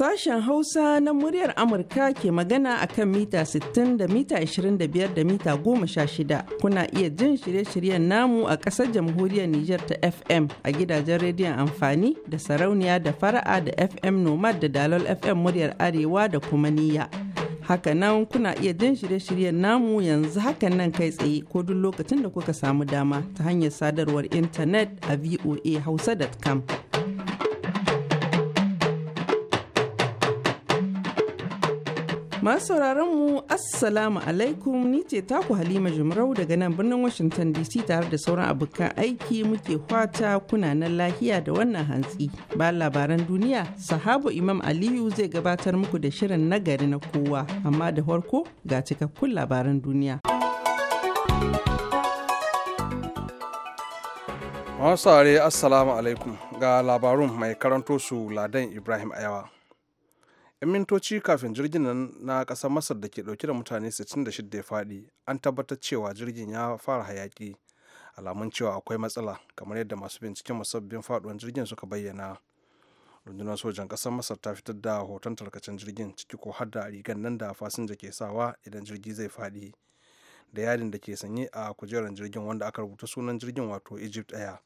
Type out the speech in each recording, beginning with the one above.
Sashen Hausa na muryar Amurka ke magana a kan mita 60 da mita 25 da mita 16. Kuna iya jin shirye-shiryen namu a ƙasar jamhuriyar Nijar ta FM a gidajen rediyon amfani da sarauniya da fara'a da FM Nomad da Dalol FM muryar Arewa da kuma niyya. Hakanan kuna iya jin shirye-shiryen namu yanzu hakan nan kai tsaye ko duk lokacin da kuka samu dama ta hanyar sadarwar intanet a voahausa.com. Masu mu Assalamu alaikum ni ce taku Halima Jumrau daga nan birnin Washington DC tare da sauran abokan aiki muke kwata kuna nan lahiya da wannan hantsi. Ba labaran duniya, sahabu Imam Aliyu zai gabatar muku da shirin nagari na kowa, amma da farko ga cikakkun labaran duniya. Masu Assalamu alaikum ga labarun mai karanto su Ladan Ibrahim Ayawa. 'yan mintoci kafin jirgin nan na kasar masar da ke dauke da mutane 66 ya faɗi an tabbatar cewa jirgin ya fara hayaki alamun cewa akwai matsala kamar yadda masu binciken musabbin faduwan jirgin suka bayyana rundunar sojan kasar masar ta fitar da hoton tarkacen jirgin ciki ko har da rigan nan da fasinja ke sawa idan jirgi zai faɗi da yadin da ke sanye a kujerar jirgin wanda aka rubuta sunan jirgin wato egypt air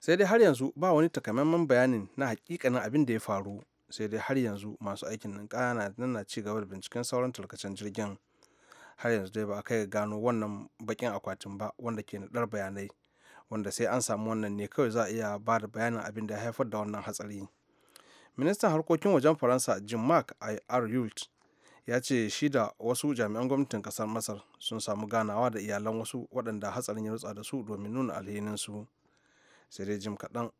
sai dai har yanzu ba wani takamaiman bayanin na hakikanin abin da ya faru sai dai har yanzu masu aikin nan na ci gaba da binciken sauran tarkacen jirgin har yanzu dai ba a kai gano wannan bakin akwatin ba wanda ke naɗar bayanai wanda sai an samu wannan ne kawai za a iya ba da bayanin abin da ya haifar da wannan hatsari ministan harkokin wajen faransa jim mark ir yult ya ce shi da wasu jami'an gwamnatin kasar masar sun samu ganawa da iyalan wasu waɗanda hatsarin ya rutsa da su domin nuna alhininsu sai dai jim kaɗan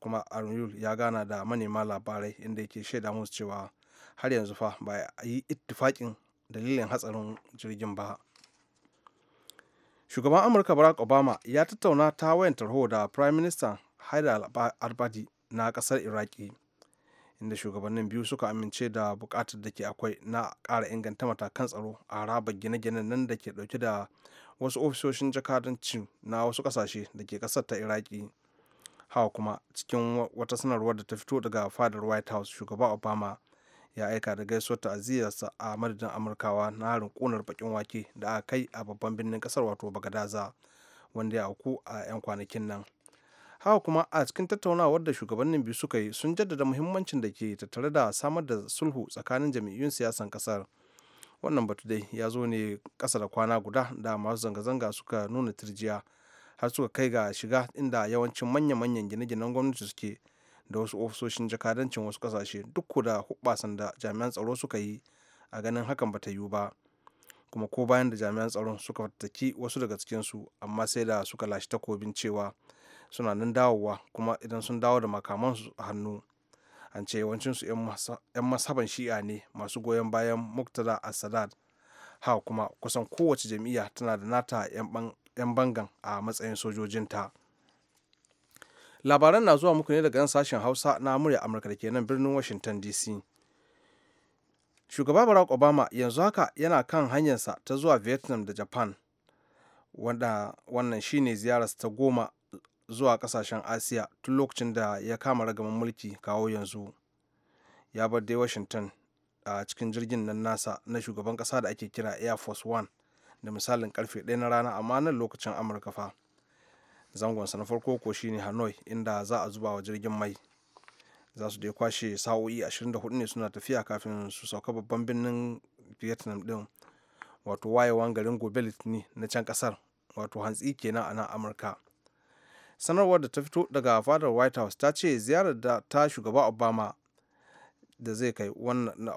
kuma Aryul ya gana da manema labarai inda yake shaida musu cewa har yanzu fa ba a yi ittifakin dalilin hatsarin jirgin ba. Shugaban Amurka Barack Obama ya tattauna ta wayan tarho da Prime Minister haida albadi na kasar Iraki. inda shugabannin biyu suka amince da bukatar da ke akwai na ƙara inganta matakan tsaro a harabar gine gine nan da ke dauke da wasu ofisoshin jakadanci na wasu ƙasashe da ke ƙasar ta iraki hawa kuma cikin wata sanarwar da ta fito daga fadar white house shugaba obama ya aika da gaisuwar ta'aziyarsa a madadin amurkawa na harin kunar bakin wake da aka kai a babban birnin kasar wato bagadaza wanda ya auku a 'yan kwanakin nan hawa kuma a cikin tattaunawar da shugabannin biyu suka yi sun jaddada muhimmancin da ke tattare da samar da sulhu tsakanin jam'iyyun siyasan kasar wannan batu dai ya zo ne kasa da kwana guda da masu zanga-zanga suka nuna tirjiya har suka kai ga shiga inda yawancin manya-manyan gine-ginen gwamnati suke da wasu ofisoshin jakadancin wasu kasashe duk da hubbasan da jami'an tsaro suka yi a ganin hakan ba ta yiwu ba kuma ko bayan da jami'an tsaron suka fataki wasu daga su amma sai da suka lashe takobin cewa suna nan dawowa kuma idan sun dawo da makamansu a hannu an ce yawancinsu 'yan masaban shi'a ne masu goyon bayan muktada a ha kuma kusan kowace jam'iyya tana da nata 'yan 'yan bangan a matsayin sojojinta labaran na zuwa muku ne daga yan sashen hausa na murya amurka da ke nan birnin washington dc shugaba barack obama yanzu haka yana kan hanyarsa ta zuwa vietnam da japan wanda wannan shine ziyararsa ta goma zuwa kasashen asiya tun lokacin da ya kama ragaman mulki kawo yanzu ya bar dai washington a cikin jirgin nan nasa na shugaban kasa da ake kira air force one da misalin karfe 1 na rana amma nan lokacin amurka fa zangonsa na farko ko shine hanoi inda za a zuba wa jirgin mai za su dai kwashe sa'o'i 24 ne suna tafiya kafin su sauka babban birnin vietnam din wato wayewan garin gobe litini na can kasar wato hantsi kenan a nan amurka sanarwar da ta fito daga fadar white house ta ce ziyarar da ta shugaba obama da zai kai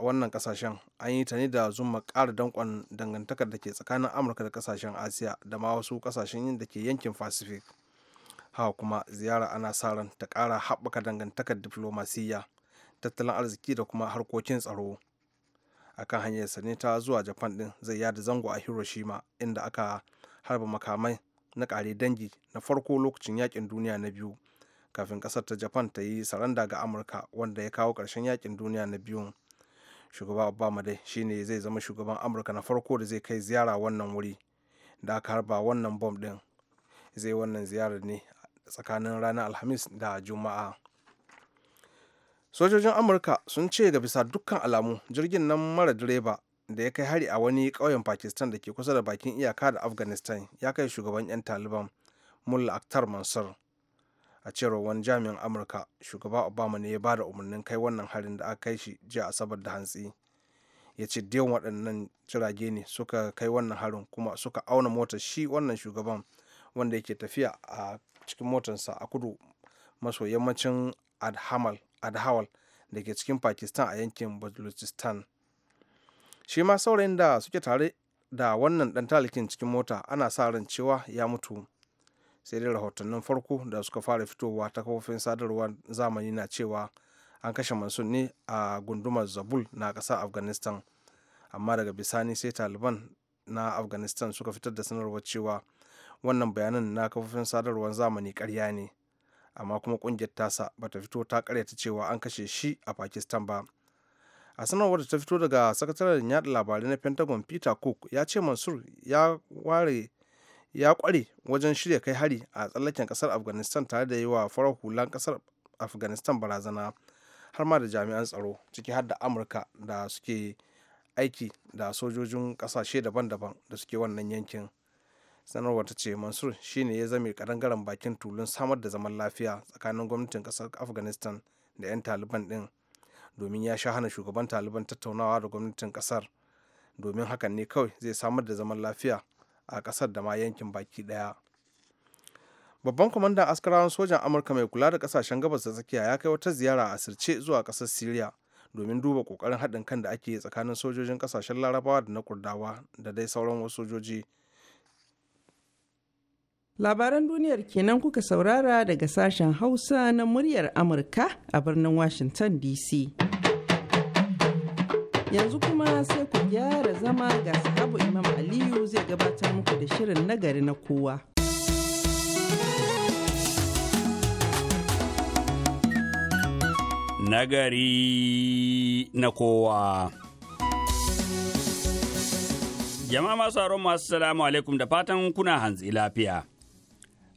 wannan kasashen an yi ta ne da zuma ƙara danƙon dangantakar da ke tsakanin amurka da kasashen asiya da ma wasu kasashen da ke yankin pacific haka kuma ziyara ana sa ran ta ƙara haɓaka dangantakar diflomasiyya tattalin arziki da kuma harkokin tsaro akan hanyar sani ta zuwa japan din zai yada zango a hiroshima inda aka harba makamai na ƙare dangi na farko lokacin yakin duniya na biyu kafin kasar ta japan ta yi saranda ga amurka wanda ya kawo ƙarshen yakin duniya na biyun shugaba obama dai shine zai zama shugaban amurka na farko da zai kai ziyara wannan wuri da aka harba wannan bom din zai wannan ziyara ne tsakanin ranar alhamis da juma'a sojojin amurka sun ce ga bisa dukkan alamu jirgin nan mara direba da ya kai hari a wani ƙauyen pakistan da ke kusa da bakin iyaka da afghanistan ya kai shugaban 'yan taliban mullah akhtar mansur a cewar wani jami'in amurka shugaba obama ne ya ba da umarnin kai wannan harin da aka kai shi jiya asabar da hantsi ya ce da waɗannan jirage ne suka kai wannan harin kuma suka auna motar shi wannan shugaban wanda yake tafiya a cikin motarsa a kudu maso yammacin adhawal da ke cikin pakistan a yankin baluchistan shi ma saurayin da suke tare da wannan ɗan talikin cikin mota ana sa ran cewa ya mutu sai dai rahotannin farko da suka fara fitowa ta kafofin sadarwar zamani na cewa an kashe mansur ne a gundumar zabul na ƙasar afghanistan amma daga bisani sai taliban na afghanistan suka fitar da sanarwar cewa wannan bayanan na kafofin sadarwar zamani karya ne amma kuma ƙungiyar tasa ta fito ta karyata cewa an kashe shi a pakistan ba a sanarwar da ta fito daga sakataren yada labarai na pentagon peter cook ya ce mansur ya ware ya kware wajen shirya kai hari a tsallaken kasar afghanistan tare da yi wa farar hulan kasar afghanistan barazana har ma da jami'an tsaro ciki har da amurka da suke aiki da sojojin kasashe daban-daban da suke wannan yankin sanarwar ta ce mansur shine ya zame karangaren bakin tulun samar da zaman lafiya tsakanin gwamnatin kasar afghanistan da 'yan taliban din domin ya sha hana shugaban taliban tattaunawa da gwamnatin kasar domin hakan ne kawai zai samar da zaman lafiya a ƙasar da ma yankin baki ɗaya babban kwamandan askarawan sojan amurka mai kula da ƙasashen gabas da tsakiya ya kai wata ziyara a asirce zuwa ƙasar syria domin duba kokarin haɗin kan da ake tsakanin sojojin ƙasashen larabawa da na kurdawa da dai sauran wasu sojoji Labaran duniyar kenan kuka saurara daga sashen Hausa na muryar Amurka a birnin Washington DC. Yanzu kuma sai ku gyara zama ga sahabu Imam Aliyu zai gabatar muku da shirin nagari na kowa. Nagari na kowa. Jama'a masu masu salamu alaikum da fatan kuna hanzi lafiya.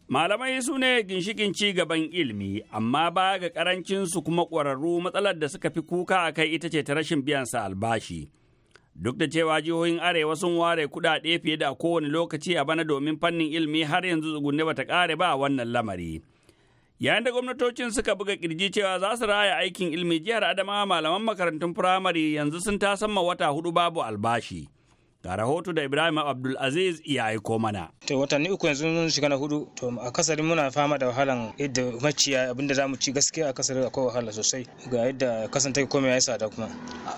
Malamai su ne ginshikin ci gaban ilimi, amma ba ga ƙarancinsu kuma ƙwararru matsalar da suka fi kuka a kai ita ce ta rashin biyan biyansa albashi. Duk da cewa jihohin Arewa sun ware kuɗaɗe fiye da kowane lokaci a bana domin fannin ilimi har yanzu tsugunne bata ƙare ba a wannan lamari. Yayin da gwamnatocin suka buga kirji cewa za su raya aikin ilimi jihar Adamawa malaman makarantun firamare yanzu sun tasamma wata hudu babu albashi. Ga rahoto da Ibrahim Abdulaziz ya aiko mana. To watanni uku yanzu mun shiga na hudu to a akasari muna fama da wahalan yadda maciya abinda za mu ci gaskiya a kasar akwai wahala sosai ga yadda take komai ya yi tsada kuma.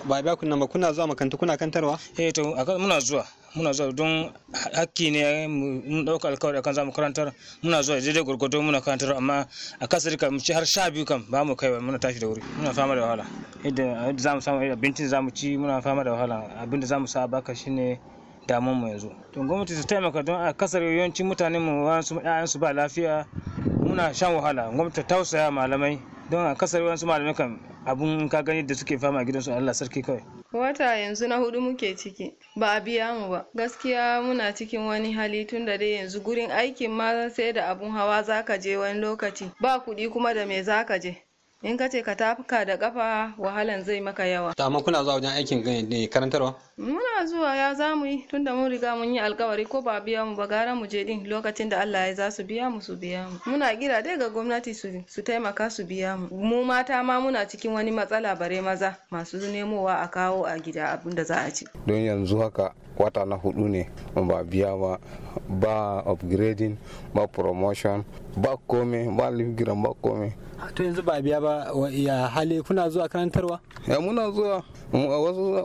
Ba biya kunna ba kuna zuwa makaranta kuna kantarwa? Eh to muna zuwa muna zuwa don hakki ne mun ɗauka alkawari akan zamu karantar muna zuwa daidai gurgudu muna karantar amma a kasar kan mu ci har sha biyu kan ba mu kai ba muna tashi da wuri muna fama da wahala yadda zamu samu abincin zamu ci muna fama da wahala abinda zamu sa baka shine damun mu yanzu to gwamnati ta taimaka don a kasar yawancin mutanen mu wasu ɗayan ba lafiya muna shan wahala gwamnati ta tausaya malamai don a kasar wasu malamai kan abun ka gani da suke fama gidansu Allah sarki kawai wata yanzu na hudu muke ciki ba a biya mu ba gaskiya muna cikin wani hali tun da dai yanzu gurin aikin ma sai da abun hawa zaka je wani lokaci ba kuɗi kuma da me zaka je in ka ce ka tafuka da kafa wahalan zai maka yawa to amma kuna zuwa wajen aikin ne karantarwa muna zuwa ya za mu yi tunda mun riga mun yi alkawari ko ba biya mu ba gara mu je din lokacin da Allah ya za su biya mu su biya mu muna kira dai ga gwamnati su taimaka su biya mu mu mata ma muna cikin wani matsala bare maza masu nemowa a kawo a gida abin da za a ci don yanzu haka wata na hudu ne ba biya ba ba upgrading ba promotion ba kome ba livgiran ba kome to yanzu ba biya ba ya hali kuna zuwa karantarwa ya muna zuwa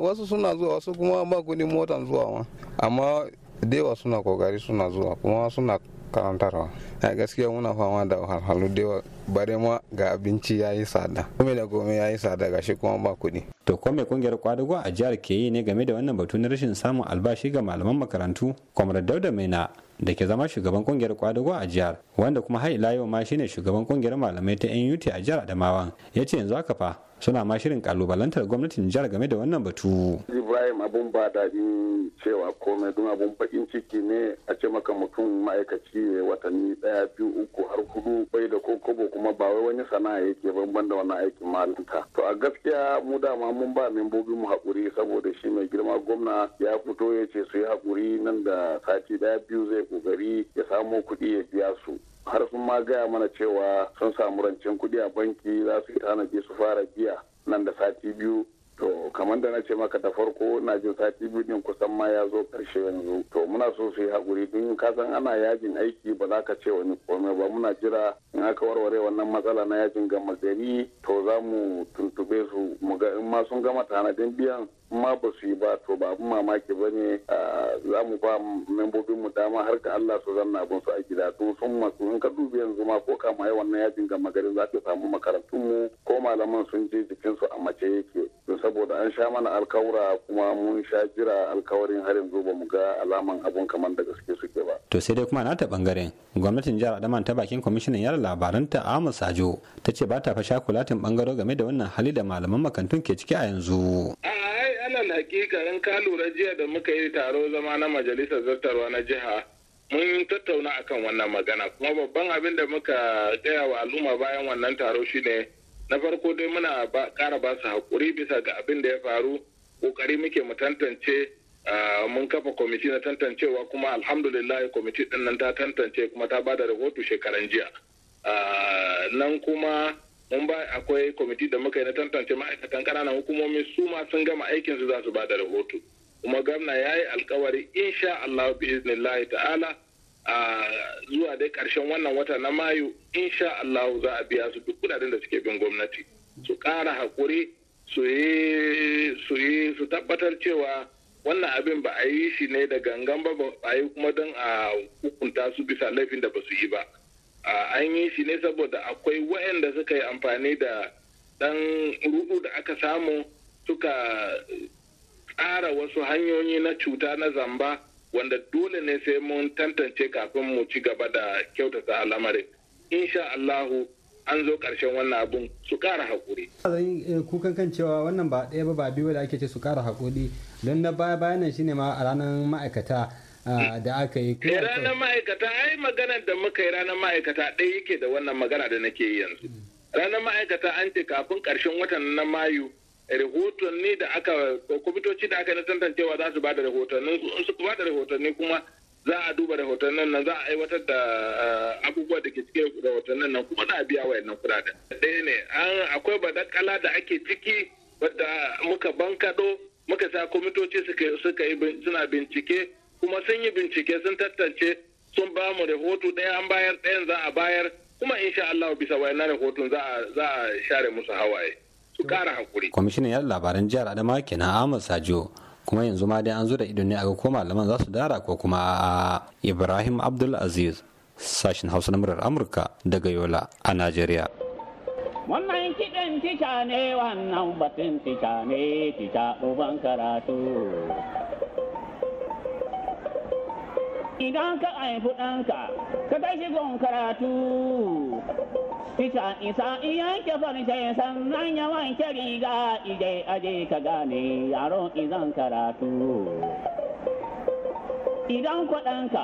wasu suna zuwa wasu kuma ba kudin motan zuwa ma amma dewa suna kokari suna zuwa kuma suna karantarwa gaskiya muna fama da wahalhalu dewa bare ma ga abinci ya yi tsada kome da kome ya yi tsada ga shi kuma ba kuɗi. to kome mai kungiyar kwadugo a jihar ke yi ne game da wannan batu na rashin samun albashi ga malaman makarantu kwamar dauda maina da ke zama shugaban kungiyar kwadugo a jihar wanda kuma har ila yau ma shine shugaban kungiyar malamai ta nut a jihar adamawan ya ce yanzu haka fa suna ma shirin kalubalantar gwamnatin jihar game da wannan batu. Ibrahim abun ba daɗin cewa komai don abun bakin ciki ne a ce maka mutum ma'aikaci ne watanni ɗaya biyu uku har hudu bai da ko kobo kuma ba wai wani sana'a yake banban da wani aikin malinta to a gaskiya mu dama mun ba membobin mu hakuri saboda shi mai girma gwamna ya fito ya ce su yi hakuri nan da sati daya biyu zai kokari ya samo kuɗi ya biya su har sun ma gaya mana cewa sun samu rancen kuɗi a banki za su yi tanaji su fara biya nan da sati biyu To kamar da na ce maka da farko na jin sati biyu din kusan ma ya zo karshe yanzu. To muna so su yi haƙuri don ka san ana yajin aiki ba za ka ce wani komai ba muna jira in aka warware wannan matsala na yajin gama to za mu tuntube su mu ga in ma sun gama tanadin biyan ma ba su yi ba to ba abin mamaki ba ne za mu ba membobin mu dama har ka Allah su zanna abin su a gida tun sun masu in ka dubi yanzu ma ko kama yi wannan yajin gama gari za ka samu makarantun mu ko malaman sun je jikin su a mace yake don saboda an sha mana alkawura kuma mun sha jira alkawarin har yanzu ba mu ga alaman abun kaman da gaske suke ba. To sai dai kuma na ta bangaren gwamnatin jihar adama ta bakin kwamishinan yara labaranta amu Sajo ta ce ba ta fasha kulatin bangaro game da wannan hali da malaman makarantun ke ciki a yanzu. alal hakika in ka lura jiya da muka yi taro zama na majalisar zartarwa na jiha mun tattauna akan wannan magana kuma babban abin da muka gaya wa al'umma bayan wannan taro shine na farko dai muna kara ba su haƙuri bisa ga abin da ya faru ƙoƙari muke mu tantance mun kafa kwamiti na tantancewa kuma alhamdulillah kwamiti ɗin nan ta tantance kuma ta ba da rahoto shekaran jiya nan kuma mun ba akwai kwamiti da muka yi na tantance ma'aikatan ƙananan hukumomi su ma sun gama aikin su za su ba da rahoto kuma gwamna ya yi alkawari insha Allah bi iznillahi ta'ala a zuwa dai ƙarshen wannan wata na mayu insha Allah za a biya su duk kudaden da suke bin gwamnati su ƙara hakuri su su yi su tabbatar cewa wannan abin ba a yi shi ne da gangan ba ba a yi kuma don a hukunta su bisa laifin da ba su yi ba. an yi shi ne saboda akwai waɗanda suka yi amfani da ɗan rudu da aka samu suka tsara wasu hanyoyi na cuta na zamba wanda dole ne sai mun tantance kafin mu ci gaba da kyautata al'amarin insha Allahu an zo ƙarshen wannan abun su ƙara haƙuri. zan eh, kukan kan cewa wannan ba ɗaya ba ba biyu da ake ce su ƙara haƙuri don na baya bayanan shine ma a ranar ma'aikata da aka yi kai ranar ma'aikata ai maganar da muka yi ranar ma'aikata ɗaya yake da wannan magana da nake yi yanzu ranar ma'aikata an ce kafin ƙarshen watan na mayu ne da aka kwamitoci da aka na tantancewa za su ba da rahotanni su ba da kuma za a duba rahoton nan za a aiwatar da abubuwa da ke cikin rahoton nan kuma za a biya wayannan kuɗaɗen ɗaya ne akwai badakala da ake ciki wadda muka bankaɗo muka sa kwamitoci suka yi suna bincike kuma sun yi bincike sun tattance sun ba mu rahoto ɗaya an bayar ɗayan za a bayar kuma insha Allah bisa wayannan rahoton za a share musu hawaye su ƙara hakuri. Kwamishinan yan labaran jihar Adama kenan Ahmad Sajo kuma yanzu ma dai an zo da ido ne a ga ko malaman za su dara ko kuma a Ibrahim Abdul Aziz sashin Hausa na murar Amurka daga Yola a Najeriya. Wannan kiɗan tica ne wannan batun tica ne tica ɗuban karatu. Idan ka haifi ɗanka, ka ta shi gun karatu. Isa isa iya ke farce sannan ya wanke riga ije aje ka gane yaron izan karatu. Idan kwaɗanka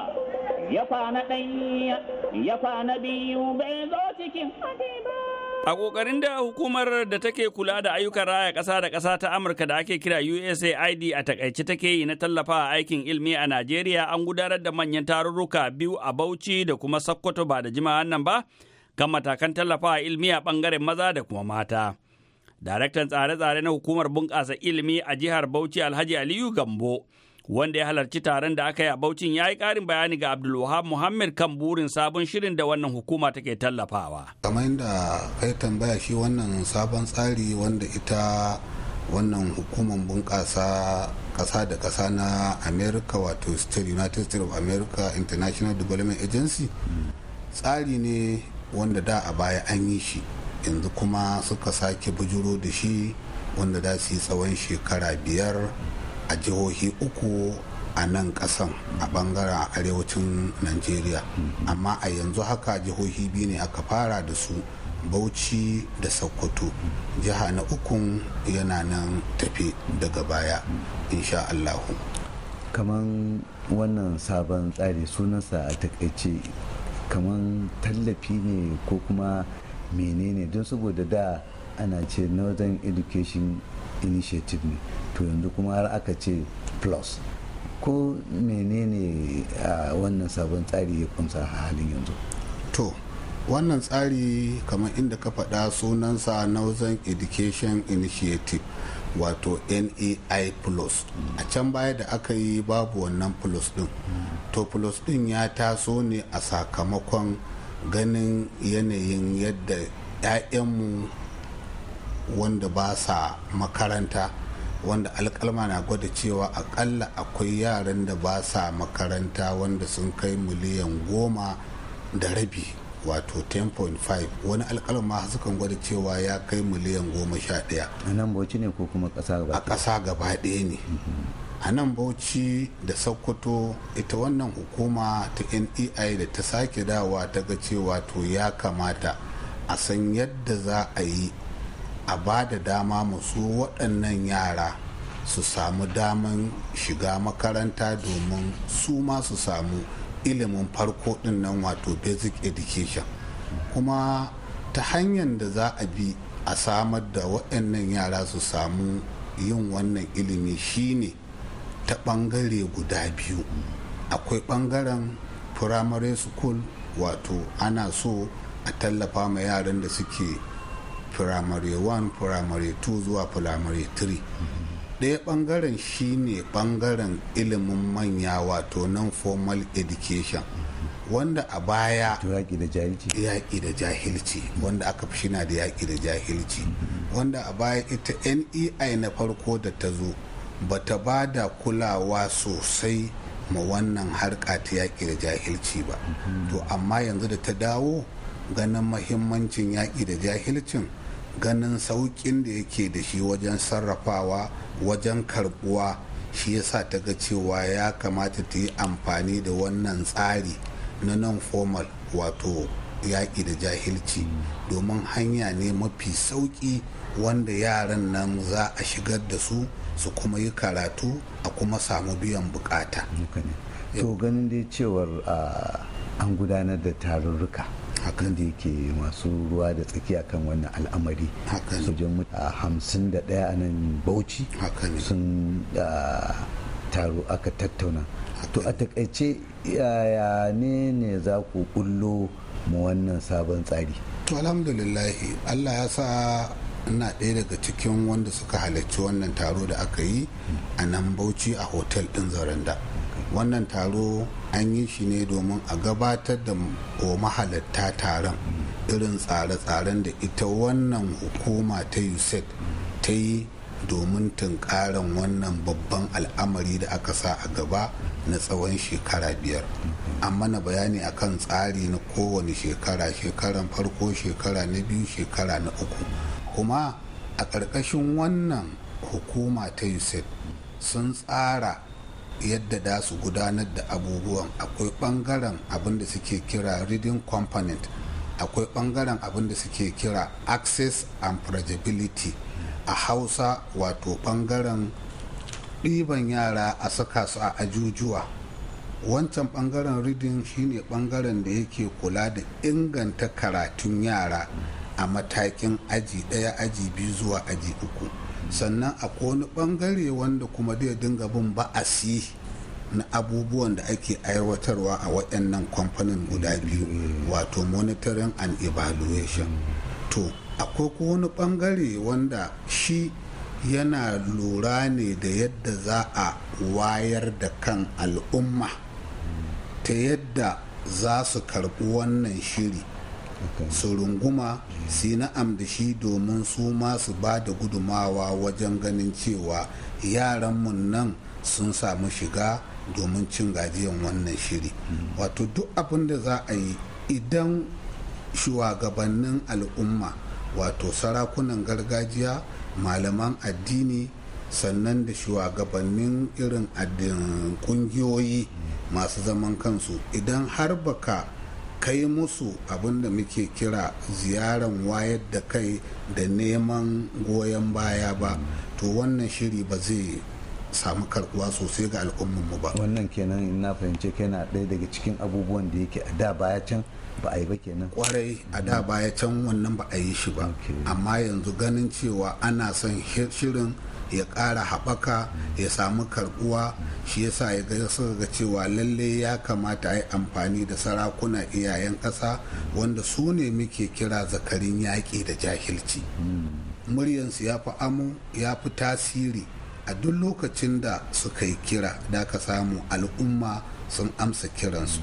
ya kwana ɗaya, ya kwana biyu bai zo cikin ba. A ƙoƙarin da hukumar da take kula da ayyukan raya ƙasa da ƙasa ta Amurka da ake kira USAID a takaice take yi na tallafa a aikin ilmi a Najeriya an gudanar da manyan tarurruka biyu a Bauchi da kuma Sokoto ba da jima'an nan ba kan matakan tallafa a ilmi a ɓangaren maza da kuma mata. Daraktan tsare-tsare na hukumar bunƙasa ilmi a jihar Bauchi Alhaji Aliyu Gambo wanda ya halarci taron da aka yi a Baucin ya yi ƙarin bayani ga Abdulwahab Muhammad kan burin sabon shirin da wannan hukuma take tallafawa. Kamar yadda kai tambaya shi wannan sabon tsari wanda ita wannan hukumar bunƙasa ƙasa da ƙasa na America wato State United States of America International Development Agency tsari ne wanda da a baya an yi shi yanzu kuma suka sake bujuro da shi wanda za su yi tsawon shekara biyar. a jihohi uku a nan kasan a bangaren arewacin najeriya amma a yanzu haka jihohi biyu ne aka fara da su bauchi da sokoto jiha na ukun yana nan tafi daga baya insha allahu kaman wannan sabon tsari sunansa a takaice kaman tallafi ne ko kuma menene don saboda da ana ce northern education initiative ne to yanzu kuma har aka ce plus ko menene a wannan sabon tsari ya kunsa halin yanzu to wannan tsari kamar inda ka faɗa sunansa northern education initiative wato nei plus a can baya da aka yi babu wannan plus din to plus din ya taso ne a sakamakon ganin yanayin yadda 'ya'yanmu wanda ba sa makaranta wanda alkalma na gwada cewa akalla akwai yaran da ba sa makaranta wanda sun kai miliyan goma da rabi wato 10.5 wani alkalma sukan gwada cewa ya kai miliyan goma sha ɗaya a nan bauchi ne ko kuma ƙasa gaba a ƙasa gaba ɗaya ne mm-hmm. a nan bauchi da sokoto ita wannan hukuma ta nei da ta sake dawa ta ga cewa to ya kamata a san yadda za a yi a ba da dama masu waɗannan yara su samu daman shiga makaranta domin su ma su samu ilimin farko ɗin nan wato basic education kuma ta hanyar da za a bi a samar da waɗannan yara su samu yin wannan ilimi shine ta ɓangare guda biyu akwai ɓangaren primary school wato ana so a tallafa ma yaran da suke primary 1 primary 2 zuwa primary 3 ɗaya ɓangaren shine ɓangaren ilimin manya wato non formal education wanda a baya jahilci yaƙi da jahilci wanda aka fi shina da yaƙi da jahilci wanda a baya ita nei na farko da ta zo ba ta ba da kulawa sosai ma wannan harka ta yaƙi da jahilci ba to amma yanzu da ta dawo ganin mahimmancin yaƙi da jahilcin ganin saukin da yake da shi wajen sarrafawa wajen karbuwa shi yasa ta ga cewa ya kamata ta yi amfani da wannan tsari na non-formal wato yaƙi da jahilci domin hanya ne mafi sauƙi wanda yaran nan za a shigar da su su kuma yi karatu a kuma samu biyan bukata. Eh. to ganin dai cewar ah, an gudanar da tarurruka da yake masu ruwa da tsakiya kan wannan al'amari sojan hamsin da ɗaya a nan bauchi sun taro aka tattauna to a takaice yaya ne ne za ku kullo mu wannan sabon tsari to alhamdulillahi allah ya sa ina ɗaya daga cikin wanda suka halarci wannan taro da aka yi a nan bauchi a hotel ɗin zaranda wannan taro an yi shi ne domin a gabatar da wa mahalatta taron irin tsare-tsaren da ita wannan hukuma ta usaid ta yi domin tunkarin wannan babban al'amari da aka sa a gaba na tsawon shekara biyar an mana bayani akan tsari na kowane shekara shekaran farko shekara na biyu shekara na uku kuma a ƙarƙashin wannan hukuma ta usaid sun tsara yadda da su gudanar da abubuwan akwai bangaren abin da suke kira reading component akwai bangaren abin da suke kira access and projectability a hausa wato bangaren ɗiban yara a saka su a ajujuwa wancan bangaren reading shine bangaren da yake kula da inganta karatun yara a matakin aji ɗaya aji biyu zuwa aji uku sannan akwai wani bangare wanda kuma zai dinga bin ba'asi na abubuwan da ake aiwatarwa a waɗannan kamfanin guda biyu wato monitoring and evaluation to akwai ko wani bangare wanda shi yana lura ne da yadda za a wayar da kan al'umma ta yadda za su karɓi wannan shiri su runguma su na na'am da shi domin su ma su ba da gudumawa wajen ganin cewa yaran mu nan sun samu shiga domin cin gajiyan wannan shiri hmm. wato duk abin da za a yi idan shugabannin al'umma wato sarakunan gargajiya malaman addini sannan da shugabannin irin addin kungiyoyi hmm. masu zaman kansu idan har baka kai musu abin da muke kira ziyaran wayar da kai da neman goyon baya ba to wannan shiri ba zai samu karbuwa sosai ga mu ba wannan kenan in na fahimce na ɗaya daga cikin abubuwan da yake a da baya can ba a yi ba kenan kwarai a da mhm. baya can wannan ba a yi shi ba amma yanzu ganin cewa ana son shirin ya ƙara haɓaka ya samu karɓuwa shi yasa ya ga ga cewa lalle ya kamata a yi amfani da sarakuna iyayen ƙasa wanda su ne muke kira zakarin yaƙi da jahilci muryansu ya fi amu ya fi tasiri a duk lokacin da suka yi kira da ka samu al'umma sun amsa kiransu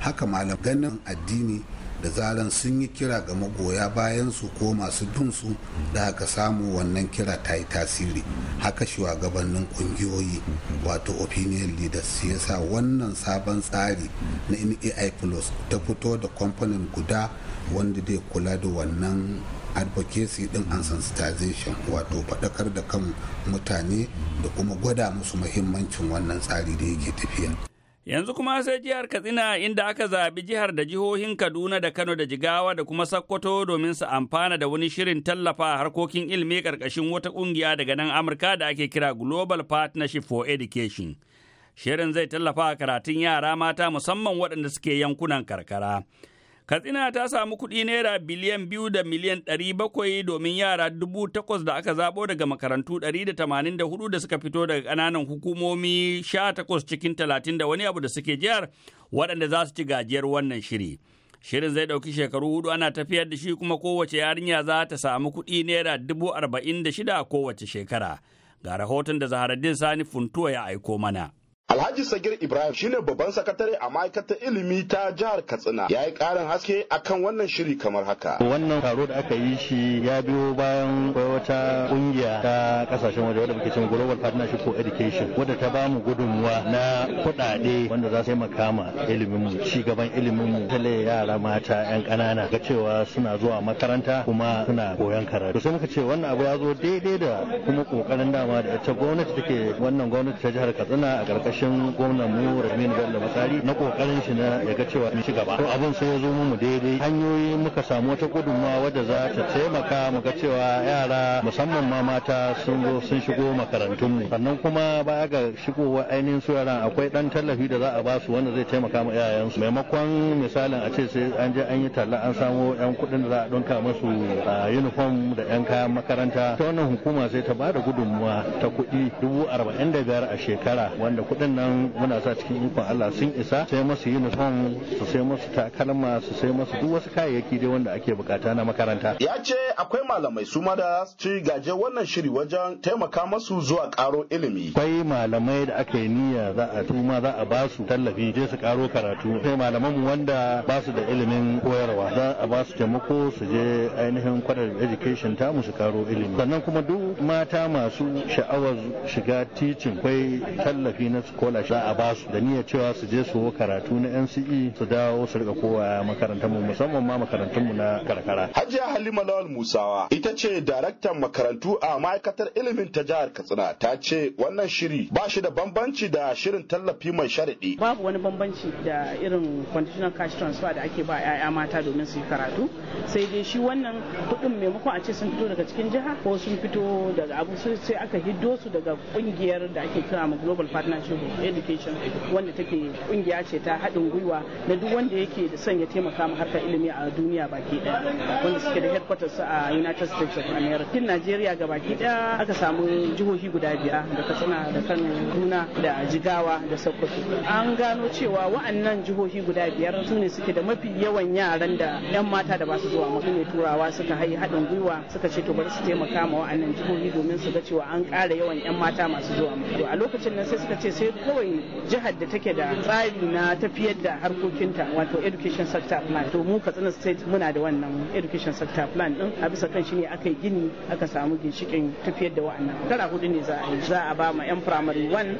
haka malam ganin addini da zaran sun yi kira ga magoya bayan su ko masu bin su da aka samu wannan kira ta yi tasiri haka shugabannin kungiyoyi wato opinion leaders ya yasa wannan sabon tsari na nai plus ta fito da kamfanin guda wanda dai kula da wannan advocacy din and sensitization wato faɗakar da kan mutane da kuma gwada musu muhimmancin wannan tsari da yake tafiya Yanzu kuma sai jihar Katsina inda aka zaɓi jihar da jihohin Kaduna da Kano da Jigawa da kuma Sokoto domin su amfana da wani shirin tallafa harkokin ilimi ƙarƙashin wata ƙungiya daga nan Amurka da ake kira Global Partnership for Education. Shirin zai tallafa karatun yara mata musamman waɗanda suke yankunan karkara. Katsina ta samu kuɗi naira biliyan biyu da miliyan ɗari bakwai domin yara dubu takwas da aka zaɓo daga makarantu ɗari da tamanin da hudu da suka fito daga ƙananan hukumomi sha takwas cikin talatin da wani abu da suke jihar waɗanda za su ci gajiyar wannan shiri. Shirin zai ɗauki shekaru hudu ana tafiyar da shi kuma kowace yarinya za ta samu kuɗi naira dubu arba'in da shida kowace shekara. Ga rahoton da Zaharaddin Sani Funtuwa ya aiko mana. Alhaji Sagir Ibrahim shine babban sakatare a ma'aikatar ilimi ta jihar Katsina ya yi ƙarin haske akan wannan shiri kamar haka. Wannan taro da aka yi shi ya biyo bayan wata ƙungiya ta ƙasashen waje wadda muke cewa Global Partnership for Education wadda ta ba mu gudunmuwa na kuɗaɗe wanda za su yi makama ilimin mu ci gaban ilimin mu tale yara mata yan ƙanana ga cewa suna zuwa makaranta kuma suna koyon karatu. Sai muka ce wannan abu ya zo daidai da kuma ƙoƙarin dama da ita gwamnati take wannan gwamnati ta jihar Katsina a ƙarƙashin ofishin gwamnan mu Rahmin Bello Masari na kokarin shi na ya ga cewa mun ci gaba to abin sai ya zo mu daidai hanyoyi muka samu wata gudunmawa wadda za ta taimaka mu ga cewa yara musamman ma mata sun zo sun shigo makarantun mu sannan kuma baya ga shigowa ainihin su yaran akwai dan tallafi da za a ba su wanda zai taimaka ma iyayen su maimakon misalin a ce sai an je an yi talla an samo yan kuɗin da za a ɗinka musu uniform da yan kayan makaranta ta wannan hukuma sai ta ba da gudunmawa ta kuɗi dubu arba'in da biyar a shekara wanda kuɗin kuɗin nan muna sa cikin ikon Allah sun isa sai masu uniform su sai masu takalma su sai masu duk wasu kayayyaki dai wanda ake bukata na makaranta. Ya ce akwai malamai su ma da ci gaje wannan shiri wajen taimaka masu zuwa karo ilimi. Akwai malamai da aka yi niyya za a tuma za a ba su tallafi je su karo karatu. Akwai malaman mu wanda ba su da ilimin koyarwa za a ba su taimako su je ainihin kwadar education ta musu karo ilimi. Sannan kuma duk mata masu sha'awar shiga titin akwai tallafi na scholarship za a basu da niyyar cewa su je su karatu na NCE su dawo su rika kowa makarantar mu musamman ma makarantar mu na karkara. Hajiya Halima Lawal Musawa ita ce daraktan makarantu a ma'aikatar ilimin ta jihar Katsina ta ce wannan shiri ba shi da bambanci da shirin tallafi mai sharaɗi. Babu wani bambanci da irin conditional cash transfer da ake ba 'ya'ya mata domin su yi karatu sai dai shi wannan kuɗin maimakon a ce sun fito daga cikin jiha ko sun fito daga abu sai aka hiddo su daga kungiyar da ake kira global partnership education wanda take kungiya ce ta haɗin gwiwa na duk wanda yake da son ya taimaka ma harkar ilimi a duniya baki ɗaya wanda suke da headquarters a United States of America tun Najeriya ga baki ɗaya aka samu jihohi guda biyar da Katsina da Kano Kaduna da Jigawa da Sokoto an gano cewa wa'annan jihohi guda biyar su ne suke da mafi yawan yaran da 'yan mata da ba su zuwa mu ne turawa suka hayi haɗin gwiwa suka ce to bari su taimaka ma wa'annan jihohi domin su ga cewa an ƙara yawan 'yan mata masu zuwa mu a lokacin nan sai suka ce sai kawai jihar da take da tsari na tafiyar da harkokinta wato education sector plan to mu katsina state muna da wannan education sector plan din a bisa kan shi ne aka yi gini aka samu ginshikin tafiyar da wa'annan tara hudu ne za a yi za a ba ma yan primary 1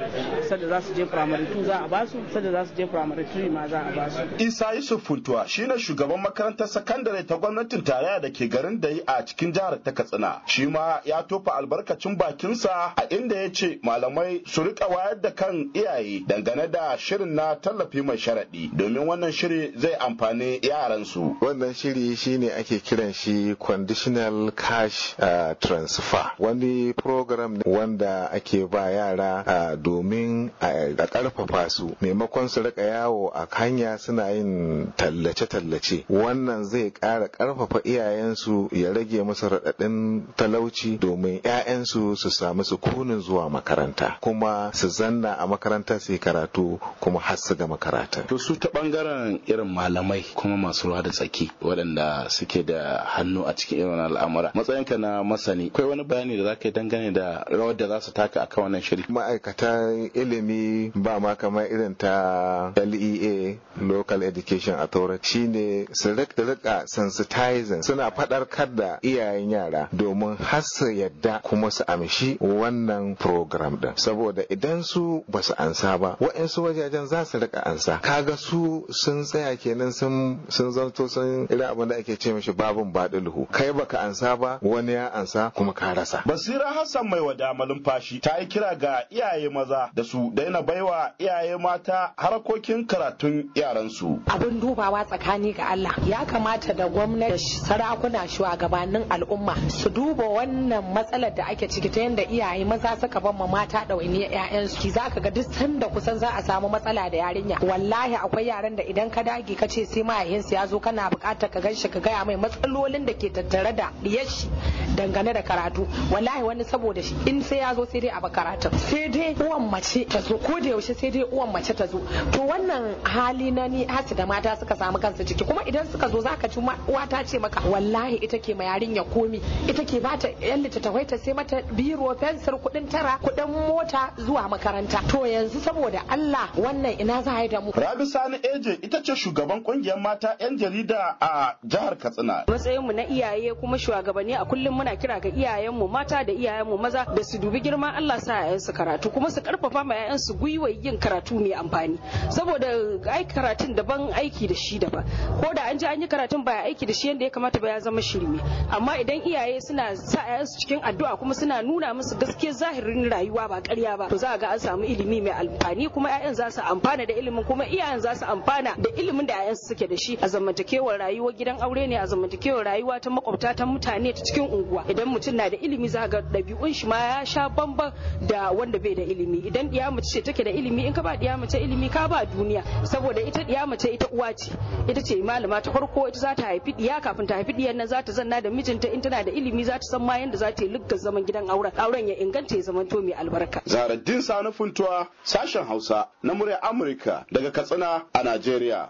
sadda za su je primary 2 za a ba su sadda za su je primary 3 ma za a ba su isa yusuf funtuwa shine shugaban makarantar sakandare ta gwamnatin tarayya da ke garin da yi a cikin jihar ta katsina shi ma ya tofa albarkacin bakinsa a inda ya ce malamai su rika wayar da kan iyaye dangane da shirin na tallafi mai sharaɗi domin wannan shiri zai amfani yaransu. Wannan shiri shine ake kiran shi conditional cash uh, transfer wani program wanda ake ba yara uh, domin a ƙarfafa su maimakon su riƙa yawo a hanya suna yin tallace-tallace wannan zai ƙara ƙarfafa iyayensu ya rage musu raɗaɗin talauci domin 'ya'yansu su samu sukunin zuwa makaranta kuma su zanna a makaranta su yi karatu kuma har su gama karatun. To su ta bangaren irin malamai kuma masu ruwa da tsaki waɗanda suke da hannu a cikin irin al'amura. Matsayinka na masani, akwai wani bayani da zaka yi dangane da rawar da za su taka akan wannan shiri. Ma'aikatan ilimi ba ma kamar irin ta LEA Local Education Authority shine su rika sensitizing suna faɗarkar da iyayen yara domin har su yadda kuma su amshi wannan program ɗin Saboda idan su ba ba su ansa ba waɗansu wajajen za su rika ansa kaga su sun tsaya kenan sun sun zanto sun irin abin da ake ce mishi babin baɗiluhu kai baka ansa ba wani ya ansa kuma ka rasa basira hassan mai wada malumfashi ta yi kira ga iyaye maza da su daina baiwa iyaye mata harkokin karatun yaransu abin dubawa tsakani ga Allah ya kamata da gwamnati sarakuna shugabannin al'umma su duba wannan matsalar da ake ciki ta yanda iyaye maza suka bama mata ɗawainiyar 'ya'yansu ki zaka ga ga duk sanda kusan za a samu matsala da yarinya wallahi akwai yaran da idan ka dage ka ce sai mahaihinsu ya zo kana bukatar ka ganshi ka gaya mai matsalolin da ke tattare da yashi dangane da karatu wallahi wani saboda shi in sai ya zo sai dai a ba karatun sai dai uwan mace ta zo ko da yaushe sai dai uwan mace ta zo to wannan hali na ni hasu da mata suka samu kansu ciki kuma idan suka zo zaka ji uwa ta ce maka wallahi ita ke ma yarinya komi ita ke ba ta littattafai ta sai mata biro fensir kuɗin tara kuɗin mota zuwa makaranta to to yanzu saboda Allah wannan ina za a yi da mu Rabi Sani Eje ita ce shugaban kungiyar mata 'yan jarida a jihar Katsina matsayin mu na iyaye kuma shugabanni a kullum muna kira ga iyayenmu mata da iyayenmu maza da su dubi girman Allah sa su karatu kuma su karfafa ma 'ya'yan su gwiwa yin karatu mai amfani saboda ai karatun daban aiki da shi daban ko da an ji an yi karatun ba aiki da shi yadda ya kamata ba ya zama shirme amma idan iyaye suna sa 'ya'yan su cikin addu'a kuma suna nuna musu gaskiyar zahirin rayuwa ba ƙarya ba to za a ga an samu ilimi ilimi mai amfani kuma 'ya'yan za su amfana da ilimin kuma iyayen za su amfana da ilimin da 'ya'yan suke da shi a zamantakewar rayuwar gidan aure ne a zamantakewar rayuwa ta makwabta ta mutane ta cikin unguwa idan mutum na da ilimi za ga ɗabi'un shi ma ya sha bamban da wanda bai da ilimi idan ɗiya mace ce take da ilimi in ka ba ɗiya mace ilimi ka ba duniya saboda ita ɗiya mace ita uwa ce ita ce malama ta farko ita za ta haifi ɗiya kafin ta haifi ɗiyan nan za ta zanna da mijinta in tana da ilimi za ta san ma yanda za ta yi lugga zaman gidan auren auren ya inganta ya zamanto mai albarka. Zaharaddin Sani Funtuwa sashen Hausa na murya Amurka daga Katsina a Najeriya.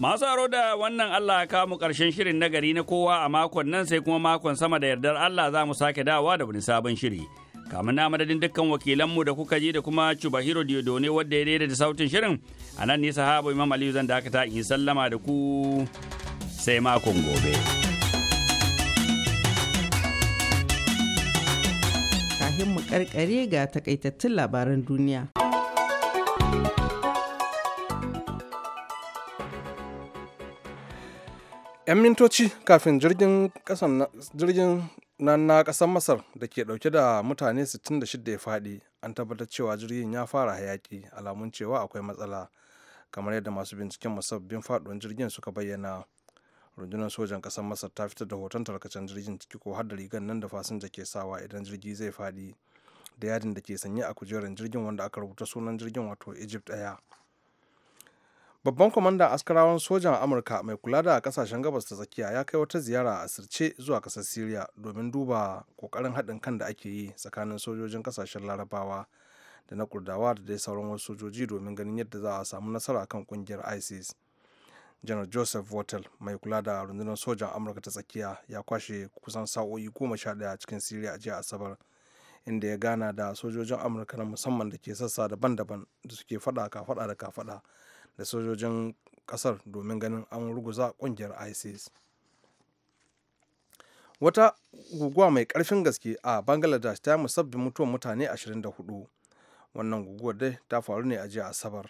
Masu aro da wannan Allah ya kamu ƙarshen shirin nagari na kowa a makon nan sai kuma makon sama da yardar Allah za mu sake dawa da wani sabon shiri. Kamun na madadin dukkan wakilanmu da kuka ji da kuma Diodo ne wadda ya daidaita sautin shirin. A nan ne sahaba Imam Aliyu zan dakata in sallama da ku sai makon gobe. kahin mu karkare ga takaitattun labaran duniya. yan mintoci kafin jirgin jirgin nan na kasan masar da ke ɗauke da mutane 66 ya faɗi an tabbatar cewa jirgin ya fara hayaki alamun cewa akwai matsala kamar yadda masu binciken musabbin faɗuwar jirgin suka bayyana rundunar sojan kasar masar ta fitar da hoton tarkacen jirgin ciki ko har da rigar nan da fasinja ke sawa idan jirgi zai fadi da yadin da ke sanye a kujerar jirgin wanda aka rubuta sunan jirgin wato egypt daya. babban kwamandan askarawan sojan amurka mai kula da kasashen gabas ta tsakiya ya kai wata ziyara a sirce zuwa kasar syria domin duba kokarin haɗin kan da ake yi tsakanin sojojin kasashen larabawa da na kurdawa da dai sauran wasu sojoji domin ganin yadda za a samu nasara kan kungiyar isis janar joseph wattel mai kula da rundunar sojan amurka ta tsakiya ya kwashe kusan sa'o'i goma sha daya cikin siriya a jiya asabar inda ya gana da sojojin amurka na musamman da ke sassa daban-daban da suke fada kafada da kafada da sojojin kasar domin ganin an ruguza kungiyar isis wata guguwa mai karfin gaske a bangladesh ta musabbin mutuwar mutane 24 wannan guguwar dai ta faru ne a jiya asabar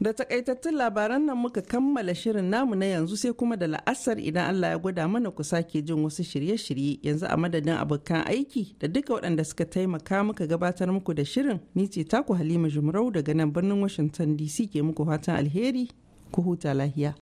Da takaitattun labaran nan muka kammala shirin namu na yanzu sai kuma da la'asar idan Allah ya gwada mana ku sake jin wasu shirye-shirye yanzu a madadin abokan aiki da duka waɗanda suka taimaka muka gabatar muku da shirin ni ce taku Halima Jumrau daga nan birnin Washington DC ke muku fatan alheri ku huta lahiya.